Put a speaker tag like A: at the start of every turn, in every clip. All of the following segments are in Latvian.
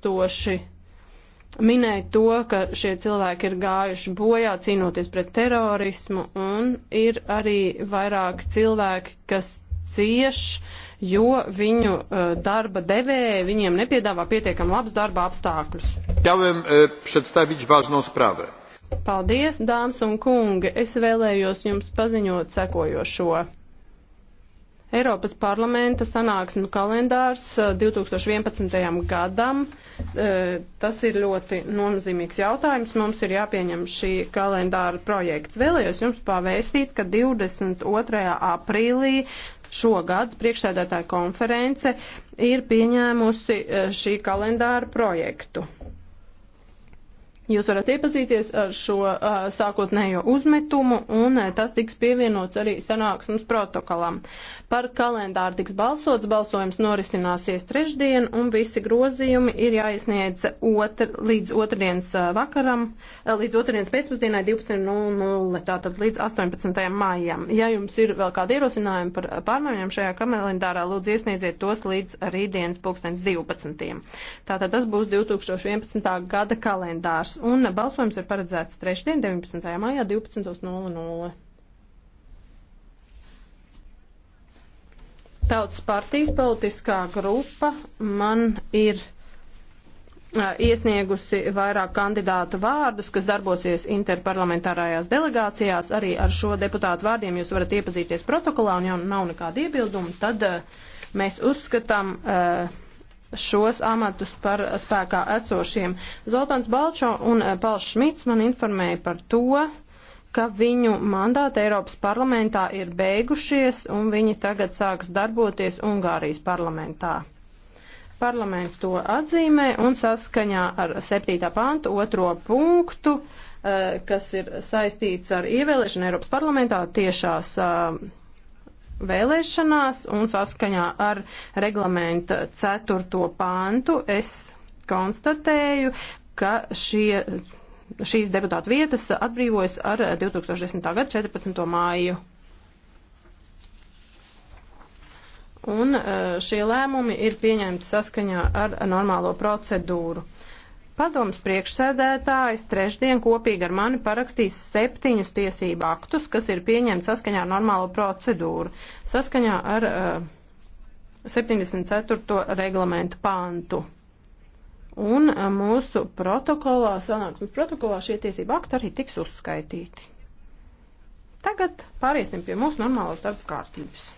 A: atbilstoši minēja to, ka šie cilvēki ir gājuši bojā cīnoties pret terorismu, un ir arī vairāk cilvēki, kas cieš, jo viņu uh, darba devēja viņiem nepiedāvā pietiekam labs darba apstākļus. Ļaujam uh, e, predstavić važno sprāvu. Paldies, dāmas un kungi! Es vēlējos jums paziņot sekojošo. Eiropas parlamenta sanāksmu kalendārs 2011. gadam. Tas ir ļoti nozīmīgs jautājums. Mums ir jāpieņem šī kalendāra projekts. Vēlējos jums pavēstīt, ka 22. aprīlī šogad priekšsēdētāja konference ir pieņēmusi šī kalendāra projektu. Jūs varat iepazīties ar šo uh, sākotnējo uzmetumu, un uh, tas tiks pievienots arī sanāksmes protokolam. Uh, Par kalendāru tiks balsots, balsojums norisināsies trešdien, un visi grozījumi ir jāiesniedz otr, līdz otrdienas vakaram, līdz otrdienas pēcpusdienai 12.00, tātad līdz 18. maijam. Ja jums ir vēl kādi ierosinājumi par pārmaiņām šajā kalendārā, lūdzu iesniedziet tos līdz rītdienas pulkstens 12. Tātad tas būs 2011. gada kalendārs, un balsojums ir paredzēts trešdien, 19. maijā 12.00. Tautas partijas politiskā grupa man ir iesniegusi vairāk kandidātu vārdus, kas darbosies interparlamentārajās delegācijās. Arī ar šo deputātu vārdiem jūs varat iepazīties protokolā, un ja nav nekāda iebilduma, tad mēs uzskatām šos amatus par spēkā esošiem. Zoltans Balčo un Pals Šmits man informēja par to, ka viņu mandāti Eiropas parlamentā ir beigušies un viņi tagad sāks darboties Ungārijas parlamentā. Parlaments to atzīmē un saskaņā ar 7. pantu otro punktu, eh, kas ir saistīts ar ievēlēšanu Eiropas parlamentā tiešās eh, vēlēšanās un saskaņā ar reglamenta 4. pantu es konstatēju, ka šie šīs deputāta vietas atbrīvojas ar 2010. Eh, gada 14. māju. Un eh, šie lēmumi ir pieņemti saskaņā ar normālo procedūru. Padoms priekšsēdētājs trešdien kopīgi ar mani parakstīs septiņus tiesību aktus, kas ir pieņemti saskaņā ar normālo procedūru, saskaņā ar uh, eh, 74. reglamentu pāntu. Un eh, mūsu protokolā, sanāksmes protokolā šie tiesību akti arī tiks uzskaitīti. Tagad pāriesim pie mūsu normālas darba kārtības.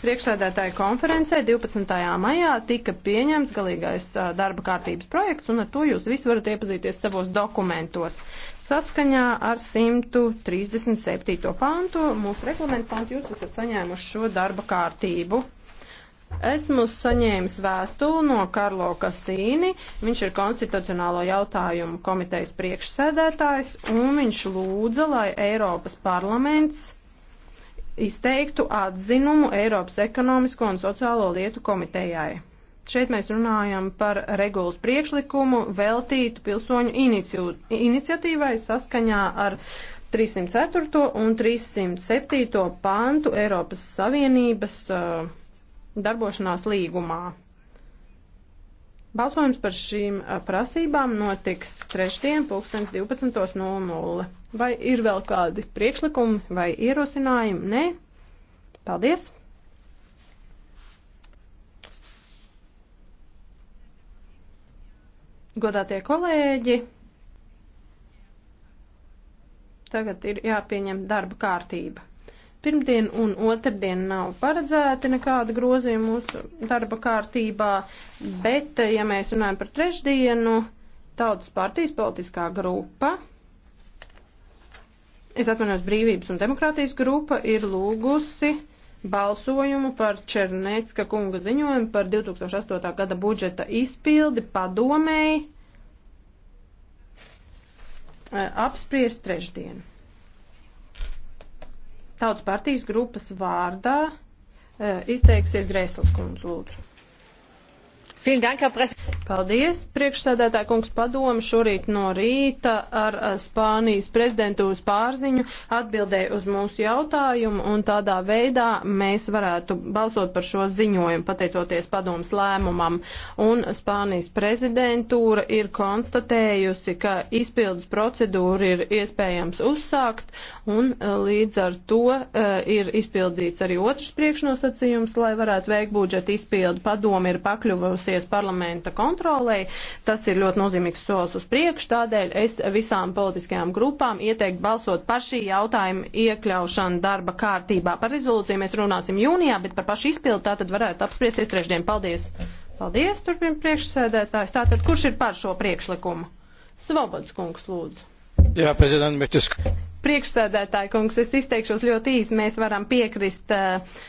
A: Priekšsēdētāja konferencē 12. maijā tika pieņemts galīgais eh, darba kārtības projekts, un ar to jūs visi varat iepazīties savos dokumentos. Saskaņā ar 137. pantu, mūsu reglamentu pantu, jūs esat saņēmuši šo darba kārtību. Esmu saņēmis vēstuli no Karlo Kasīni, viņš ir konstitucionālo jautājumu komitejas priekšsēdētājs, un viņš lūdza, lai Eiropas parlaments izteiktu atzinumu Eiropas ekonomisko un sociālo lietu komitejai. Šeit mēs runājam par regulas priekšlikumu veltītu pilsoņu inicio, iniciatīvai saskaņā ar 304. un 307. pantu Eiropas Savienības uh, darbošanās līgumā. Balsojums par šīm prasībām notiks trešdien, 2012.00. Vai ir vēl kādi priekšlikumi vai ierosinājumi? Nē? Paldies! Godātie kolēģi, tagad ir jāpieņem darba kārtība. Pirmdien un otrdien nav paredzēti nekāda grozījuma mūsu darba kārtībā, bet, ja mēs runājam par trešdienu, Tautas partijas politiskā grupa, es atvainojos Brīvības un demokrātijas grupa, ir lūgusi balsojumu par Černēcka kunga ziņojumu par 2008. gada budžeta izpildi padomēji eh, apspriest trešdienu. Tautas partijas grupas vārdā eh, izteiksies Grēslas kundze, lūdzu. Paldies, priekšsēdētāja kungs padomu šorīt no rīta ar Spānijas prezidentūras pārziņu atbildēja uz mūsu jautājumu un tādā veidā mēs varētu balsot par šo ziņojumu, pateicoties padomas lēmumam. Un Spānijas prezidentūra ir konstatējusi, ka izpildus procedūru ir iespējams uzsākt un līdz ar to uh, ir izpildīts arī otrs priekšnosacījums, lai varētu veikt budžeta izpildu. Padomi ir pakļuvusies parlamenta kontrolē kontrolē. Tas ir ļoti nozīmīgs solis uz priekšu, tādēļ es visām politiskajām grupām ieteiktu balsot par šī jautājuma iekļaušanu darba kārtībā. Par rezolūciju mēs runāsim jūnijā, bet par pašu izpildu tā tad varētu apspriesties trešdien. Paldies! Paldies, turpina priekšsēdētājs. Tātad, kurš ir par šo priekšlikumu? Svobods kungs, lūdzu. Jā, prezident, bet es. Priekšsēdētāji kungs, es izteikšos ļoti īsi. Mēs varam piekrist. Uh,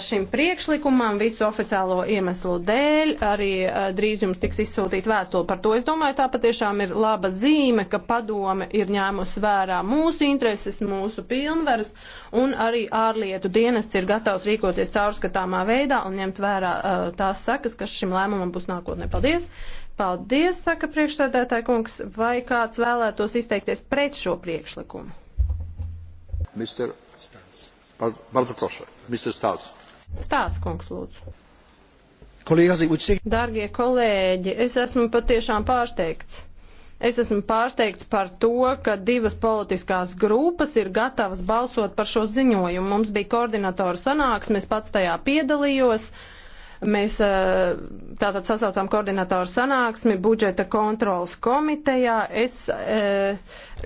A: šim priekšlikumam visu oficiālo iemeslu dēļ. Arī drīz jums tiks izsūtīta vēstule par to. Es domāju, tā patiešām ir laba zīme, ka padome ir ņēmusi vērā mūsu intereses, mūsu pilnvaras un arī ārlietu dienests ir gatavs rīkoties caurskatāmā veidā un ņemt vērā tās sekas, kas šim lēmumam būs nākotnē. Paldies! Paldies, saka priekšsēdētāja kungs, vai kāds vēlētos izteikties pret šo priekšlikumu? Mr. Bardzo, bardzo proszę, Mr. Stāsts. Stāsts, kungs, lūdzu. Dārgie kolēģi, es esmu patiešām pārsteigts. Es esmu pārsteigts par to, ka divas politiskās grupas ir gatavas balsot par šo ziņojumu. Mums bija koordinatora sanāksme, es pats tajā piedalījos. Uh, Mēs tātad sasaucām koordinatoru sanāksmi budžeta kontrolas komitejā. Es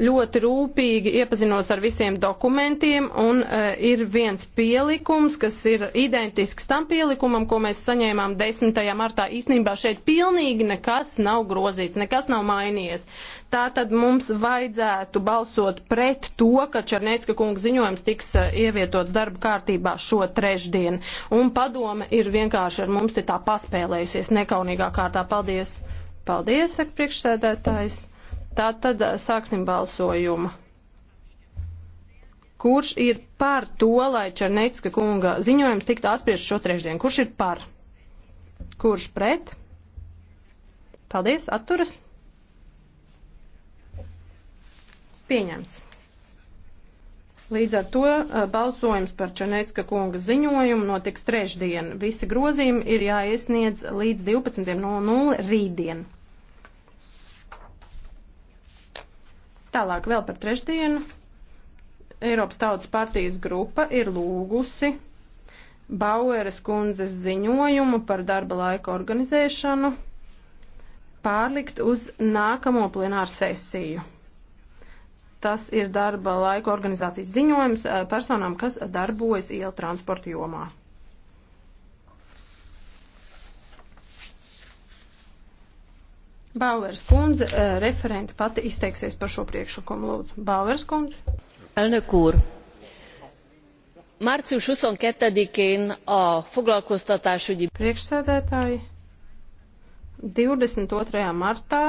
A: ļoti rūpīgi iepazinos ar visiem dokumentiem un ir viens pielikums, kas ir identisks tam pielikumam, ko mēs saņēmām 10. martā. Īsnībā šeit pilnīgi nekas nav grozīts, nekas nav mainījies. Tā tad mums vajadzētu balsot pret to, ka Černiecka kunga ziņojums tiks eh, ievietots darba kārtībā šo trešdienu. Un padome ir vienkārši ar mums te tā paspēlējusies nekaunīgā kārtā. Paldies! Paldies, saka priekšsēdētājs. Tā tad eh, sāksim balsojumu kurš ir par to, lai Černecka kunga ziņojums tiktu apspriests šo trešdienu. Kurš ir par? Kurš pret? Paldies, atturas! Pieņemts. Līdz ar to uh, balsojums par Čenecka kunga ziņojumu notiks trešdien. Visi grozījumi ir jāiesniedz līdz 12.00 rītdien. Tālāk vēl par trešdienu. Eiropas Tautas partijas grupa ir lūgusi Baueres kundzes ziņojumu par darba laika organizēšanu pārlikt uz nākamo plenāru sesiju. Tas ir darba laika organizācijas ziņojums eh, personām, kas darbojas ielu transporta jomā. Bauers kundze, eh, referente pati izteiksies par šo priekšlikumu, lūdzu. Bauers kundze. Elnökúr, március 22-én a foglalkoztatásügyi... Priekšsēdētāji, 22. martā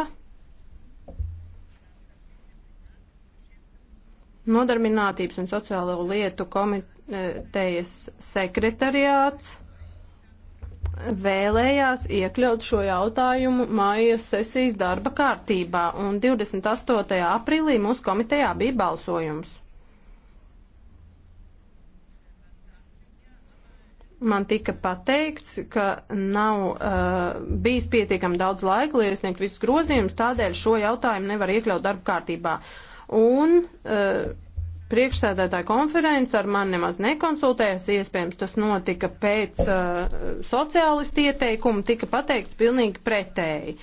A: Nodarbinātības un sociālo lietu komitejas sekretariāts vēlējās iekļaut šo jautājumu mājas sesijas darba kārtībā, un 28. aprīlī mūsu komitejā bija balsojums. Man tika pateikts, ka nav uh, bijis pietiekami daudz laika, lai iesniegtu visus grozījumus, tādēļ šo jautājumu nevar iekļaut darba kārtībā. Uh, un uh, priekšsēdētāja konference ar mani nemaz nekonsultējās, iespējams tas notika pēc uh, eh, sociālisti ieteikuma, tika pateikts pilnīgi pretēji.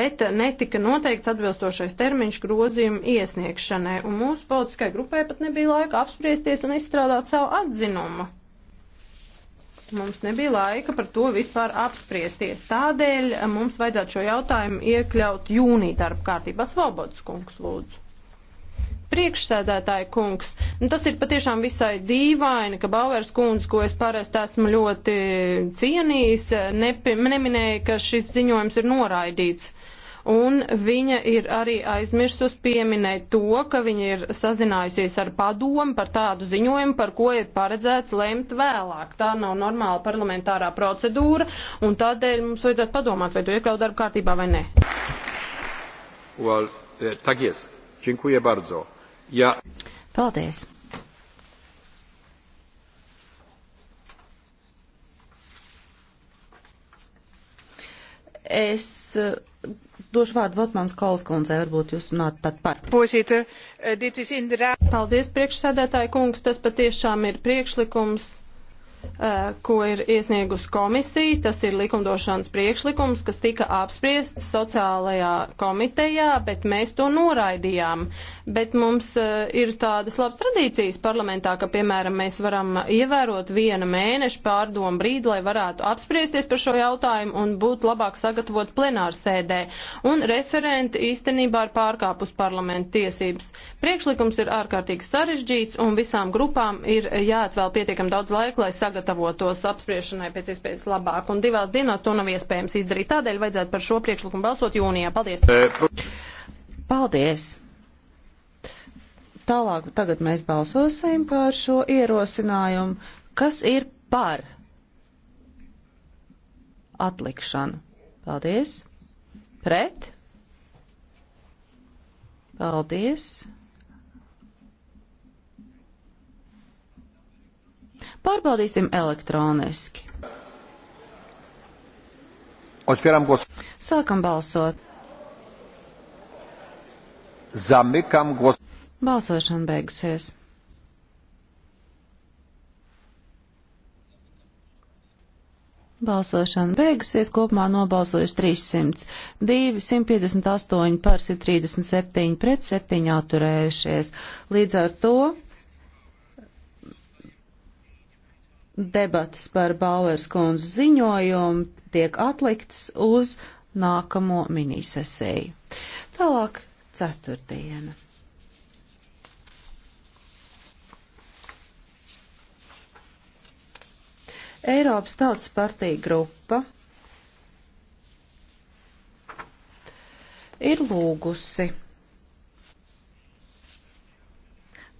A: Bet eh, netika noteikts atbilstošais termiņš grozījumu iesniegšanai, un mūsu politiskai grupai pat nebija laika apspriesties un izstrādāt savu atzinumu. Mums nebija laika par to vispār apspriesties. Tādēļ mums vajadzētu šo jautājumu iekļaut jūnī darba kārtībā. Svobodas kungs, lūdzu. Priekšsēdētāja kungs, nu, tas ir patiešām visai dīvaini, ka Bauers kundze, ko es parasti esmu ļoti cienījis, nepi, neminēja, ka šis ziņojums ir noraidīts un viņa ir arī aizmirsus pieminēt to, ka viņa ir sazinājusies ar padomu par tādu ziņojumu, par ko ir paredzēts lemt vēlāk. Tā nav normāla parlamentārā procedūra, un tādēļ mums vajadzētu padomāt, vai to iekļaut darba kārtībā vai nē. Well, eh, tak jest. Dziękuję bardzo.
B: Jā. Paldies! Es uh, došu vārdu Votmans Kalskundzei, varbūt jūs runāt tad par. Eh, Paldies, priekšsēdētāji kungs, tas
A: patiešām ir priekšlikums Eh, ko ir iesniegus komisija. Tas ir likumdošanas priekšlikums, kas tika apspriests sociālajā komitejā, bet mēs to noraidījām. Bet mums eh, ir tādas labas tradīcijas parlamentā, ka, piemēram, mēs varam ievērot viena mēneša pārdomu brīdi, lai varētu apspriesties par šo jautājumu un būt labāk sagatavot plenārsēdē. Un referenti īstenībā ir pārkāpus parlamentu tiesības. Priekšlikums ir ārkārtīgi sarežģīts un visām grupām ir jāatvēl pietiekam daudz laika, lai sagatavotu sagatavotos apspriešanai pēc iespējas labāk. Un divās dienās to nav iespējams izdarīt. Tādēļ vajadzētu par šo priekšlikumu balsot jūnijā. Paldies!
B: E, Paldies! Tālāk tagad mēs balsosim par šo ierosinājumu. Kas ir par atlikšanu? Paldies! Pret? Paldies! Pārbaudīsim elektroniski. Sākam balsot. Zamykam głos. Balsošana beigusies. Balsošana beigusies, kopumā nobalsojuši 300, 258 par 137 pret 7 atturējušies. Līdz ar to debatas par Bauers kundzes ziņojumu tiek atliktas uz nākamo minisesēju. Tālāk ceturtdiena. Eiropas Tautas partija grupa ir lūgusi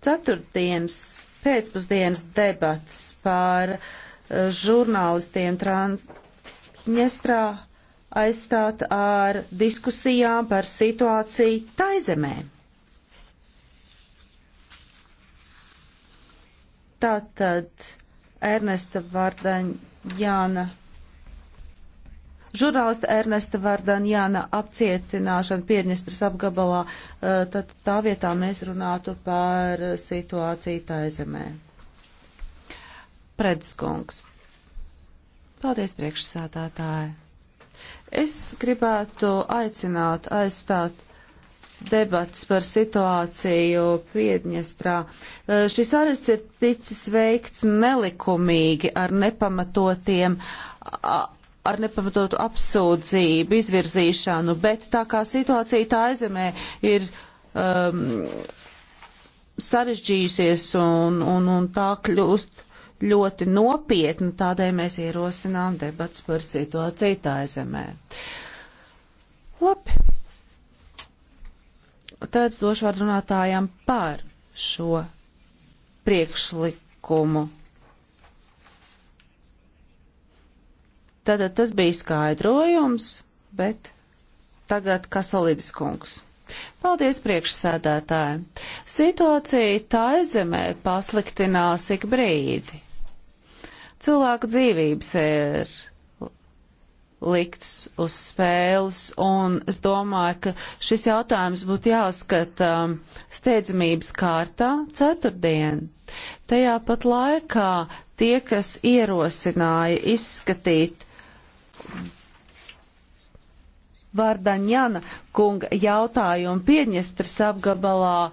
B: ceturtdienas pēcpusdienas debatas par eh, žurnālistiem Transņestrā aizstāt ar diskusijām par situāciju Taizemē. Tātad Ernesta Vardaņa Jāna Žurnālista Ernesta Vardanjāna apcietināšana Piedņestras apgabalā, eh, tad tā vietā mēs runātu par situāciju taizemē. Predskungs. Paldies, priekšsādātāji. Es gribētu aicināt aizstāt debats par situāciju Piedņestrā. Eh, šis arests ir ticis veikts nelikumīgi ar nepamatotiem ar nepamatotu apsūdzību izvirzīšanu, bet tā kā situācija tā aizemē ir um, sarežģījusies un, un, un tā kļūst ļoti nopietna, tādēļ mēs ierosinām debats par situāciju tā aizemē. Labi. Tad došu vārdu runātājām par šo priekšlikumu. Tad tas bija skaidrojums, bet tagad Kasolidis kungs. Paldies priekšsēdētāji. Situācija tā zemē pasliktinās ik brīdi. Cilvēku dzīvības ir likts uz spēles, un es domāju, ka šis jautājums būtu jāskata steidzamības kārtā ceturtdien. Tajā pat laikā tie, kas ierosināja izskatīt Vārdaņana kunga jautājumu Piedņestras apgabalā e,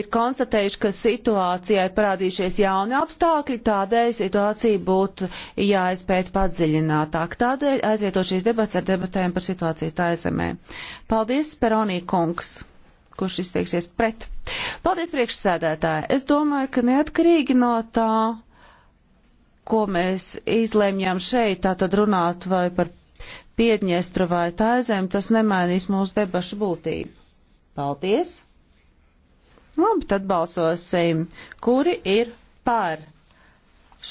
B: ir konstatējuši, ka situācijai parādījušies jauni apstākļi, tādēļ situācija būtu jāizpēt padziļinātāk. Tādēļ aizvieto šīs debats ar debatēm par situāciju Taizemē. Paldies, Peronī kungs, kurš izteiksies pret. Paldies, priekšsēdētāji. Es domāju, ka neatkarīgi no tā ko mēs izlēmjam šeit, tātad runāt vai par Piedņestru vai Taizem, tas nemainīs mūsu debašu būtību. Paldies! Labi, tad balsosim, kuri ir par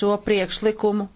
B: šo priekšlikumu